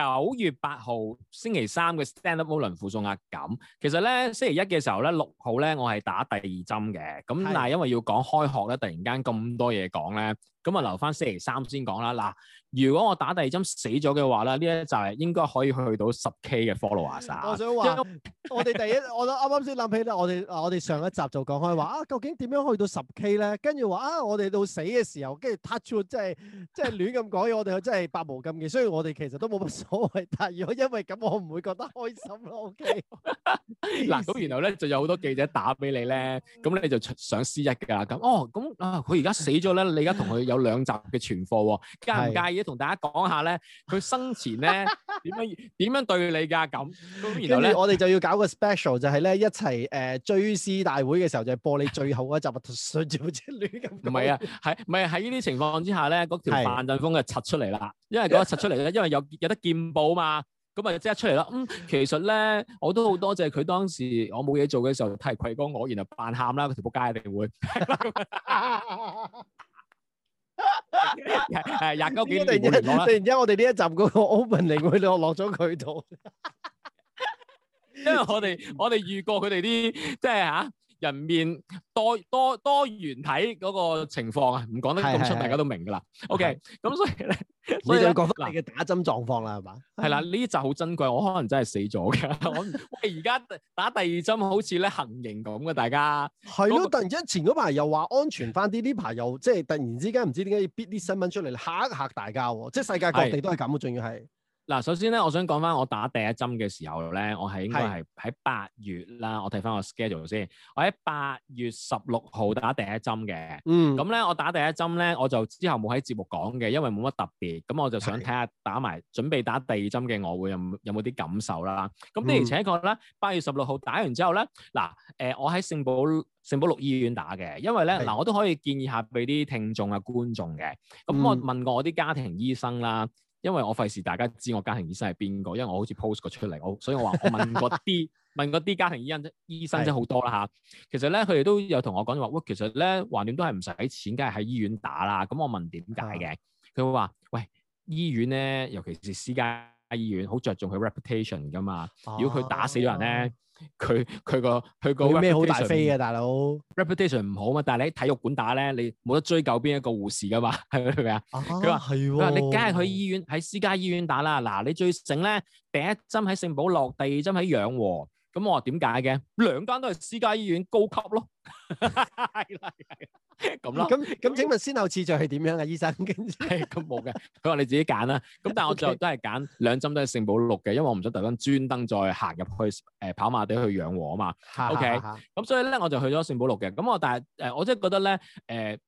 九月八號星期三嘅 stand up oil 輪附送壓感，其實咧星期一嘅時候咧六號咧我係打第二針嘅，咁但係因為要講開學咧，突然間咁多嘢講咧，咁啊留翻星期三先講啦嗱。如果我打第二針死咗嘅話咧，呢一集應該可以去到十 K 嘅 followers、啊、我想話，為我哋第一，我啱啱先諗起咧，我哋我哋上一集就講開話啊，究竟點樣去到十 K 咧？跟住話啊，我哋到死嘅時候，跟住 touch wood 即係即係亂咁講嘢， 我哋真係百無禁忌。所以我哋其實都冇乜所謂，但如果因為咁，我唔會覺得開心咯。O K，嗱咁，然後咧就有好多記者打俾你咧，咁咧就上 C 一噶啦。咁哦，咁啊，佢而家死咗咧，你而家同佢有兩集嘅存貨喎，介唔介意？同大家講下咧，佢生前咧點樣點 樣對你㗎咁。然跟住我哋就要搞個 special，就係咧一齊誒、呃、追思大會嘅時候，就係、是、播你最後嗰集《脱水做隻女》。唔係啊，係唔係喺呢啲情況之下咧？嗰條扮陣風嘅出出嚟啦，是因為嗰出出嚟咧，因為有有,有得見報嘛。咁啊，即刻出嚟啦。嗯，其實咧我都好多謝佢當時我冇嘢做嘅時候，睇嚟愧我，然後扮喊啦，條仆街定會。 係廿 九幾年，突然之間我哋呢一集嗰個 opening 會落落咗佢度，因為我哋 我哋遇過佢哋啲即係吓。就是人面多多多元體嗰個情況啊，唔講得咁出，係係係大家都明㗎啦。OK，咁的所以咧，呢就講翻你嘅打針狀況啦，係嘛？係啦，呢啲就好珍貴，我可能真係死咗嘅。 我喂，而家打第二針好似咧行刑咁嘅，大家係咯， 突然之間前嗰排又話安全翻啲，呢排又即係突然之間唔知點解要逼啲新聞出嚟嚇一嚇大家喎、哦，即係世界各地都係咁，仲的要係。嗱，首先咧，我想講翻我打第一針嘅時候咧，我係應該係喺八月啦。是我睇翻個 schedule 先，我喺八月十六號打第一針嘅。嗯，咁咧我打第一針咧，我就之後冇喺節目講嘅，因為冇乜特別。咁我就想睇下打埋是準備打第二針嘅我會有冇有冇啲感受啦。咁，的而且確咧，八月十六號打完之後咧，嗱，誒、呃，我喺聖保聖保六醫院打嘅，因為咧嗱是，我都可以建議下俾啲聽眾啊觀眾嘅。咁我問過我啲家庭醫生啦。因為我費事大家知我家庭醫生係邊個，因為我好似 post 過出嚟，我所以我話我問嗰啲 問嗰啲家庭醫生醫生真好多啦嚇。其實咧，佢哋都有同我講話，哇，其實咧橫掂都係唔使錢，梗係喺醫院打啦。咁我問點解嘅？佢會話：喂，醫院咧，尤其是私家醫院，好着重佢 reputation 噶嘛。如果佢打死咗人咧。啊嗯佢佢個佢個咩好大飛啊大佬？reputation 唔好嘛，但係你喺體育館打咧，你冇得追究邊一個護士噶嘛，係咪啊？佢話係，佢話、哦、你梗係去醫院喺私家醫院打啦。嗱，你最醒咧，第一針喺聖保祿，第二針喺養和。咁我話點解嘅？兩間都係私家醫院高級咯，係 啦，係咁咯。咁咁請問先後次序係點樣嘅，醫生？係咁冇嘅。佢話 你自己揀啦。咁但係我最後都係揀兩針都係聖保祿嘅，因為我唔想特登專登再行入去誒、呃、跑馬地去養和啊嘛。哈哈哈哈 OK，咁所以咧我就去咗聖保祿嘅。咁我但係誒，我真係覺得咧誒。呃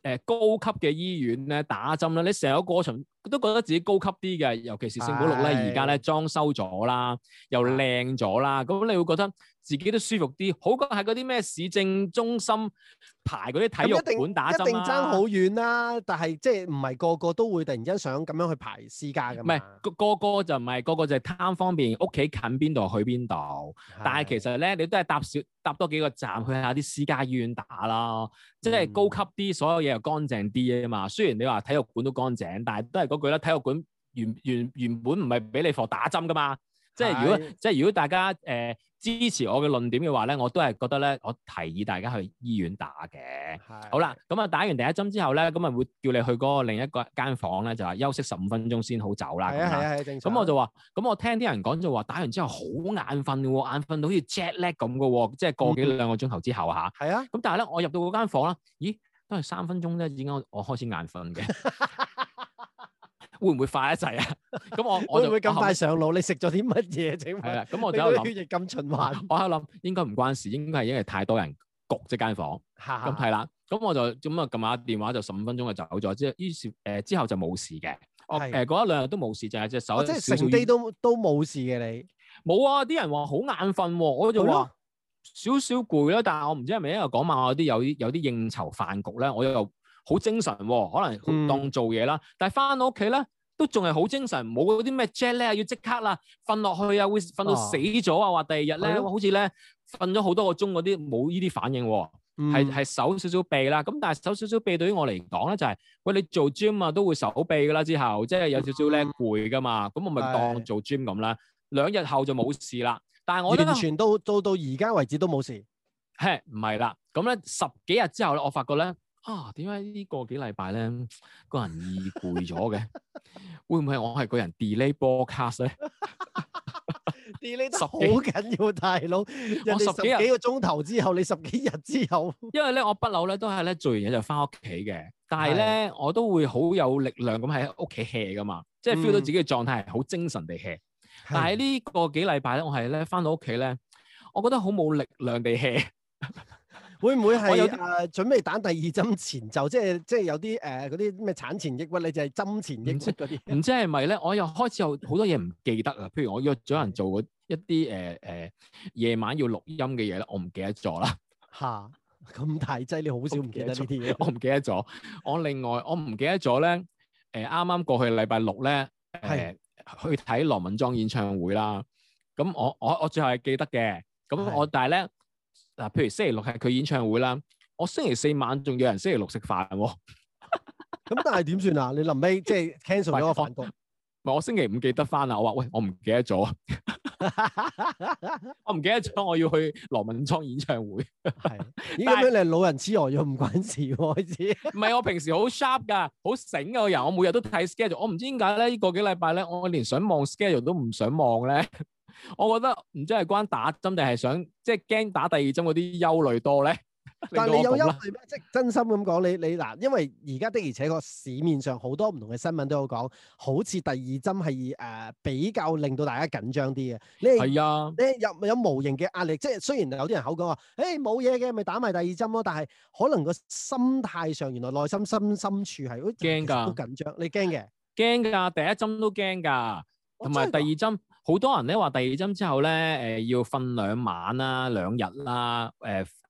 誒、呃、高級嘅醫院咧打針咧，你成個過程都覺得自己高級啲嘅，尤其是聖保祿咧，而家咧裝修咗啦，又靚咗啦，咁你會覺得自己都舒服啲，好過喺嗰啲咩市政中心排嗰啲體育館打針啦、啊，一定爭好遠啦、啊。但係即係唔係個個都會突然之間想咁樣去排私家㗎？唔係個，個個就唔係個個就貪方便，屋企近邊度去邊度？是但係其實咧，你都係搭少搭多幾個站去下啲私家醫院打啦，即係高級啲，所有嘢又乾淨啲啊嘛。嗯、雖然你話體育館都乾淨，但係都係嗰句啦，體育館原原原本唔係俾你放打針㗎嘛。即係如果的即係如果大家誒、呃、支持我嘅論點嘅話咧，我都係覺得咧，我提議大家去醫院打嘅。係的。好啦，咁啊打完第一針之後咧，咁啊會叫你去嗰個另一個間房咧，就話、是、休息十五分鐘先好走啦。係啊係啊，咁我就話，咁我聽啲人講就話打完之後、哦、好眼瞓喎，眼瞓到好似 jet lag 咁嘅喎，即係個幾兩個鐘頭之後吓，係、嗯、啊。咁但係咧，我入到嗰間房啦，咦，都係三分鐘啫，點解我我開始眼瞓嘅？ 會唔會快一陣啊？咁 我我就 會唔會咁快上腦？ 你食咗啲乜嘢？整係啦。咁我之後諗，你個血液咁循環。我喺度諗，應該唔關事，應該係因為太多人焗即間房。咁係啦。咁我就咁啊撳下電話，就十五分鐘就走咗。即 於是誒之後就冇事嘅。是我誒嗰、呃、一兩日都冇事，就係隻手少少淤。即地 都都冇事嘅你。冇啊！啲人話好眼瞓喎，我就話咯少少攰啦。但係我唔知係咪因為講埋我啲有啲有啲應酬飯局咧，我又。好精神喎、哦，可能當做嘢啦。嗯、但係翻到屋企咧，都仲係好精神，冇嗰啲咩 jet 咧，要即刻啦，瞓落去啊，會瞓到死咗啊！話第二日咧，嗯、好似咧瞓咗好多個鐘嗰啲，冇呢啲反應喎、啊，係係手少少臂啦。咁但係手少少臂對於我嚟講咧，就係喂你做 gym 啊都會手臂噶啦。之後即係有少少僆攰噶嘛，咁我咪當做 gym 咁啦。嗯、兩日後就冇事啦。但係我完全都到到而家為止都冇事，係唔係啦。咁咧十幾日之後咧，我發覺咧。啊，點解呢個幾禮拜咧個人易攰咗嘅？ 會唔會我係個人 delay podcast 咧？delay 得好緊要， 大佬哥！我十幾日十幾個鐘頭之後，你十幾日之後， 因為咧我不嬲咧都係咧做完嘢就翻屋企嘅，但係咧的我都會好有力量咁喺屋企 hea 噶嘛，即係 feel 到自己嘅狀態係好精神地 hea。嗯、但係呢個幾禮拜咧，我係咧翻到屋企咧，我覺得好冇力量地 hea。 會唔會係、呃、準備打第二針前就？即係即係有啲誒嗰啲咩產前抑鬱，你就係針前抑鬱嗰啲？唔知係咪咧？我又開始有好多嘢唔記得啦。譬如我約咗人做一啲誒誒夜晚要錄音嘅嘢咧，我唔記得咗啦。吓咁、啊、大劑你好少唔記得呢啲嘢？我唔記得咗。我另外我唔記得咗咧。誒啱啱過去禮拜六咧，誒、呃、係去睇羅文莊演唱會啦。咁我我我最後係記得嘅。咁我，我但係咧。嗱，譬如星期六係佢演唱會啦，我星期四晚仲有人，星期六食飯，咁但係點算啊？你臨尾即係 cancel 咗個飯局。唔係， 我星期五記得翻啊。我話喂，我唔記得咗， 我唔記得咗，我要去羅文莊演唱會。係、 啊，依家咩？你係老人痴呆咗唔關事喎，知唔係？我平時好 sharp 噶，好醒嘅個人，我每日都睇 schedule 我。我唔知點解咧，呢個幾禮拜咧，我連想望 schedule 都唔想望咧。 我覺得唔知係關打針定係想，即係驚打第二針嗰啲憂慮多咧。 但係你有憂慮咩？即係 真心咁講，你你嗱，因為而家的而且確市面上好多唔同嘅新聞都有講，好似第二針係誒比較令到大家緊張啲嘅。係啊，你有有，有無形嘅壓力，即係雖然有啲人口講話，誒冇嘢嘅，咪打埋第二針咯。但係可能個心態上，原來內心深深處係驚噶，好緊張，你驚嘅？驚噶，第一針都驚噶，同埋第二針。 好多人咧，話第二針之後咧，誒、呃、要瞓兩晚啦、啊、兩日啦、啊，誒、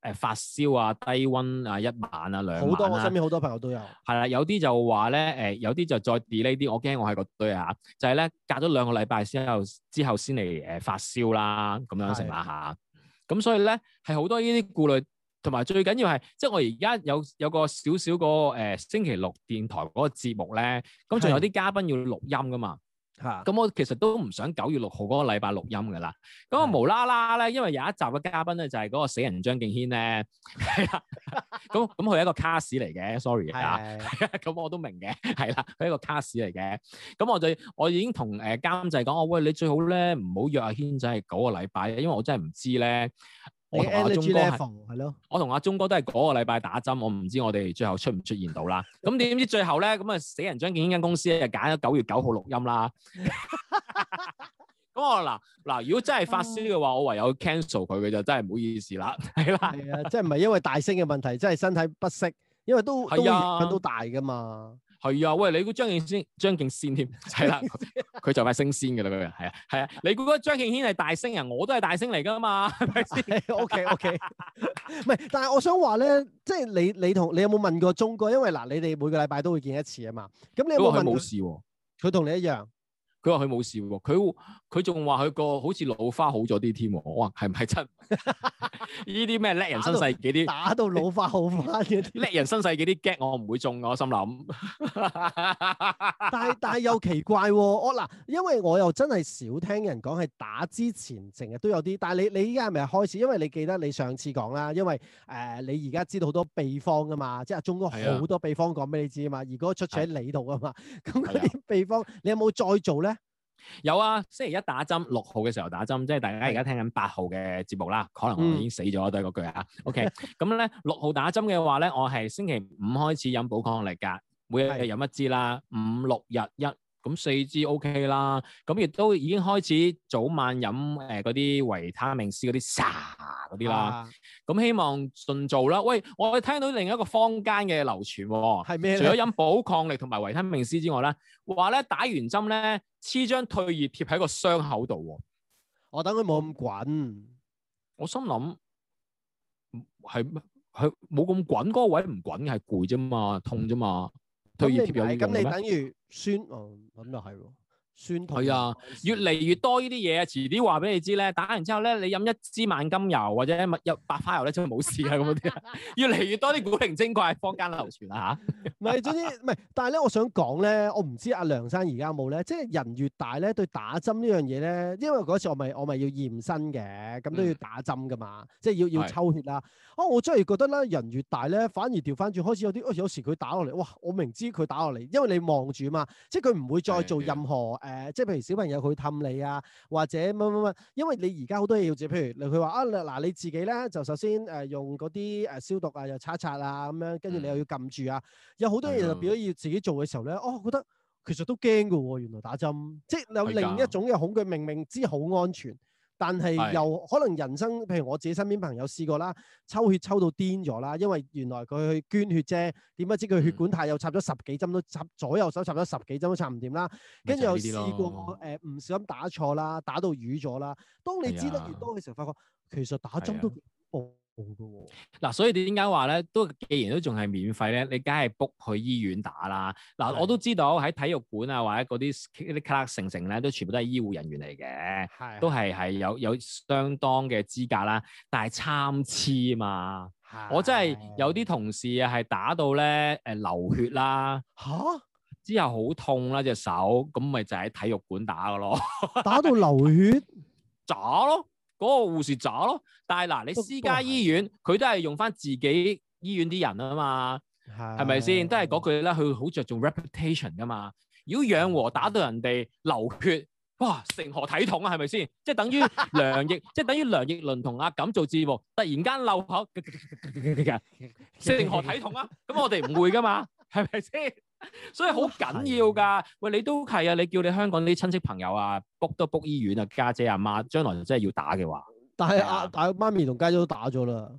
呃、誒發燒啊、低溫啊、一晚啊、兩晚好、啊、多，我身邊好多朋友都有。係啦，有啲就話咧，誒、呃、有啲就再 delay 啲，我驚我喺個堆下、啊，就係、是、咧隔咗兩個禮拜之後，之後先嚟誒發燒啦，咁樣成下嚇。咁的所以咧係好多呢啲顧慮，同埋最緊要係，即、就、係、是、我而家有有個少少嗰個、呃、星期六電台嗰個節目咧，咁仲有啲嘉賓要錄音噶嘛。嚇！咁我其實都唔想九月六號嗰個禮拜錄音㗎啦。咁我無啦啦咧，因為有一集嘅嘉賓咧就係、是、嗰個死人張敬軒咧，係 啦。咁咁佢係一個卡士嚟嘅，sorry 啊。咁 我都明嘅，係 啦，佢係一個卡士嚟嘅。咁我最，我已經同誒監製講話、哦，喂，你最好咧唔好約阿、啊、軒仔係九個禮拜，因為我真係唔知咧。Level，我同阿忠哥咯的。我同阿忠哥都係嗰個禮拜打針，我唔知我哋最後出唔出現到啦。咁點知最後咧，咁啊死人張敬軒呢間公司咧，就揀咗九月九號錄音啦。咁我嗱嗱，如果真係發燒嘅話，我唯有 cancel 佢嘅就真係唔好意思啦，係啦。係啊，即係唔係因為大聲嘅問題，即係身體不適，因為都的都月份都大噶嘛。係啊，喂，你估張敬軒、張敬軒添，係 啦、啊，佢 就快升仙嘅啦嗰人，係啊，係啊，你估嗰張敬軒係大聲人，我都係大聲嚟噶嘛，係，O K O K，唔係，但係我想話咧，即係你你同你有冇問過中國？因為嗱，你哋每個禮拜都會見一次啊嘛，咁你有冇佢冇事喎？佢同你一樣，佢話佢冇事喎，佢。佢仲話佢個好似老花好咗啲添，哇！係唔係真？呢啲咩叻人新世紀啲打到老花好花嘅啲叻人新世紀啲 get 我唔會中我心諗 。但但係又奇怪喎、啊，我、哦、嗱，因為我又真係少聽人講係打之前成日都有啲，但係你你依家係咪開始？因為你記得你上次講啦，因為誒、呃、你而家知道好多秘方噶嘛，即係中東好多，多秘方講俾你知啊嘛，如果的出咗喺你度啊嘛，咁嗰啲秘方的你有冇再做咧？有啊，星期一打針，六號嘅時候打針，即係大家而家聽緊八號嘅節目啦。可能我已經死咗都係嗰句吓，OK 咁咧六號打針嘅話咧，我係星期五開始飲補抗力噶，每日飲一支啦，是五六日一。咁四肢 OK 啦，咁亦都已經開始早晚飲誒嗰啲維他命 C 嗰啲撒嗰啲啦。咁希望順做啦。喂，我聽到另一個坊間嘅流傳喎，係咩？除咗飲補抗力同埋維他命 C 之外咧，話咧打完針咧，黐張退熱貼喺個傷口度。我等佢冇咁滾，我心諗係係冇咁滾，嗰個位唔滾係攰啫嘛，痛啫嘛。咁你唔係，咁你等於酸，哦，咁又係喎。 哦酸退啊！越嚟越多呢啲嘢，遲啲話俾你知咧。打完之後咧，你飲一支萬金油或者物入白花油咧，真係冇事啊！咁嗰啲，越嚟越多啲古靈精怪坊間流傳啊！唔係 總之，唔係，但係咧，我想講咧，我唔知阿梁生而家有冇咧，即係人越大咧，對打針呢樣嘢咧，因為嗰次我咪我咪要驗身嘅，咁都要打針㗎嘛，嗯、即係要要抽血啦。啊的、哦，我真係覺得咧，人越大咧，反而調翻轉，開始有啲、哦，有時佢打落嚟，哇！我明知佢打落嚟，因為你望住啊嘛，即係佢唔會再做任何誒。的誒，即係譬如小朋友去氹你啊，或者乜乜乜，因為你而家好多嘢要接，譬如你佢話啊，嗱你自己咧就首先誒、啊、用嗰啲誒消毒啊，又擦擦啊咁樣，跟住你又要撳住啊，有好多嘢特別要自己做嘅時候咧，的哦覺得其實都驚㗎喎，原來打針，即係有另一種嘅恐懼，明明知好安全。但係又可能人生，譬如我自己身邊朋友試過啦，抽血抽到癲咗啦，因為原來佢去捐血啫，點不知佢血管太幼插咗十,十幾針都插左右手插咗十幾針都插唔掂啦，跟住又試過誒唔、呃、小心打錯啦，打到瘀咗啦。當你知得越多嘅時候，發覺其實打針都幾嗱、嗯，所以你點解話咧？都既然都仲係免費咧，你梗係 book 去醫院打啦。嗱、啊，是我都知道喺體育館啊，或者嗰啲啲 class 成成咧，都全部都係醫護人員嚟嘅，係都係係有有相當嘅資格啦。但係參差啊嘛，是的 我真係有啲同事係打到咧，誒、呃、流血啦，吓蛤之後好痛啦隻手，咁咪就喺體育館打噶咯，打到流血，渣 咯。嗰個護士渣咯，但係嗱，你私家醫院佢、哦、都係用翻自己醫院啲人啊嘛，係咪先？都係嗰句啦，佢好着重 reputation 噶嘛。如果養和打到人哋流血，哇，成何體統啊？係咪先？即係等於梁亦， 即係等於梁亦倫同阿錦做節目，突然間漏口， 成何體統啊？咁我哋唔會噶嘛，係咪先？ 所以好緊要噶，欸、喂，你都係啊，你叫你香港啲親戚朋友啊，book 都 book 醫院啊，家姐阿媽將來真係要打嘅話，但係阿阿媽咪同家姐都打咗啦，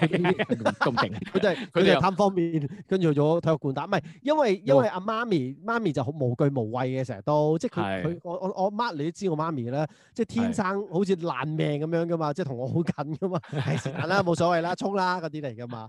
咁勁 們，佢真係佢哋貪方便，跟住去咗體育館打，唔係因為因為阿媽咪媽咪就好無懼無畏嘅，成日都即係佢佢我我我媽你都知我媽咪啦，即係的、就是、天生好似爛命咁樣噶嘛，即係同我好近噶嘛，係成日啦冇所謂啦，衝啦嗰啲嚟噶嘛。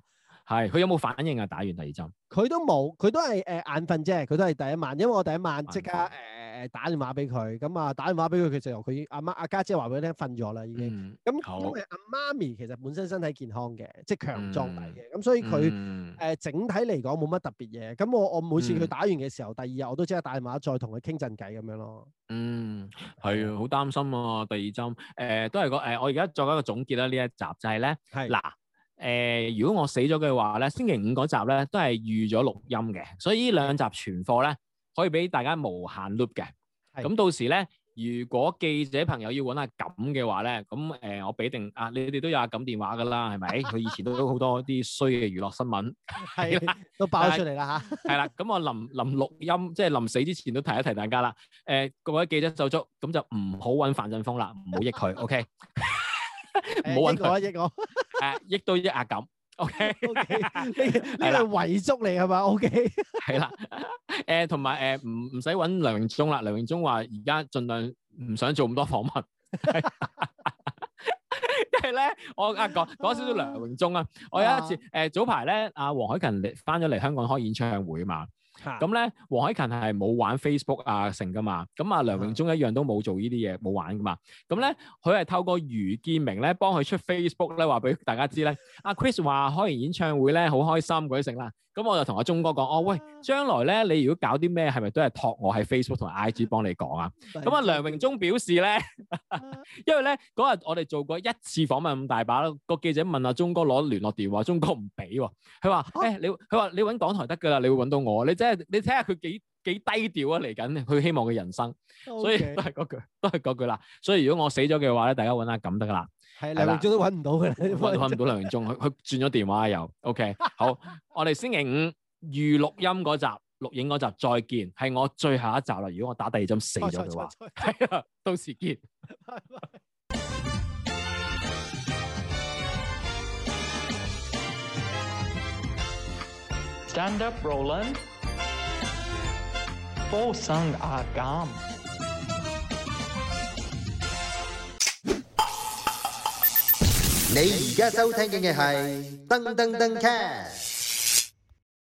係，佢有冇反應啊？打完第二針，佢都冇，佢都係誒、呃、眼瞓啫，佢都係第一晚，因為我第一晚即刻誒誒正、呃、打電話俾佢，咁啊打電話俾佢，佢就由佢阿媽阿家姐話俾佢聽瞓咗啦，已經。咁因為阿媽咪其實本身身體健康嘅，即係強壯嚟嘅，咁、嗯、所以佢誒、嗯呃、整體嚟講冇乜特別嘢。咁我我每次佢打完嘅時候，嗯、第二日我都即刻打電話再同佢傾陣偈咁樣咯。嗯，係啊，好擔心啊，第二針。誒、呃，都係個誒，呃呃呃、我而家做一個總結啦，呢一集就係、是、咧，嗱的。誒、呃，如果我死咗嘅話咧，星期五嗰集咧都係預咗錄音嘅，所以呢兩集存貨咧可以俾大家無限 loop 嘅。咁是的 到時咧，如果記者朋友要揾阿錦嘅話咧，咁誒、呃、我俾定啊，你哋都有阿、啊、錦電話噶啦，係咪？佢以前都有好多啲衰嘅娛樂新聞，係 的都爆出嚟啦吓，係啦的，咁 我臨臨錄音，即係臨死之前都提一提大家啦。誒、呃，各位記者就足，咁，就唔好揾范振峰啦，唔好益佢，OK。 冇，唔好揾我，益我，誒，益到一壓感，OK，呢呢個遺囑嚟係嘛，OK，係啦，誒，同埋誒，唔唔使揾梁榮忠啦，梁榮忠話而家盡量唔想做咁多訪問。因為咧，我啊講講少少梁榮忠啊，我有一次誒，早排咧，阿黃凱芹嚟翻咗嚟香港開演唱會嘛。咁咧，黃凱芹係冇玩 Facebook 啊成㗎嘛，咁啊梁榮忠一樣都冇做呢啲嘢，冇玩㗎嘛。咁咧，佢係透過余建明咧幫佢出 Facebook 咧話俾大家知咧。阿 Chris 話開完演唱會咧好開心嗰啲成啦。咁我就同阿鍾哥講，哦喂，將來咧，你如果搞啲咩，係咪都係託我喺 Facebook 同 IG 幫你講啊？咁啊、嗯，梁榮忠表示咧， 因為咧嗰日我哋做過一次訪問咁大把啦，個記者問阿鍾哥攞聯絡電話，鍾哥唔俾喎，佢話：誒、啊欸、你佢話你揾港台得噶啦，你會揾到我。你真係你睇下佢幾幾低調啊，嚟緊佢希望嘅人生，所以 Okay. 都係嗰句，都係嗰句啦。所以如果我死咗嘅話咧，大家揾下噉得噶啦。係兩分鐘都揾唔到佢。揾了 都揾唔到兩分鐘，佢佢轉咗電話又，OK，好， 我哋星期五預錄音嗰集，錄影嗰集再見，係我最後一集啦，如果我打第二針死咗嘅話，係啦、哎哎哎哎，到時見。 bye bye Stand up, Roland。For s o m a I g o m 你而家收聽嘅係噔噔噔 cast。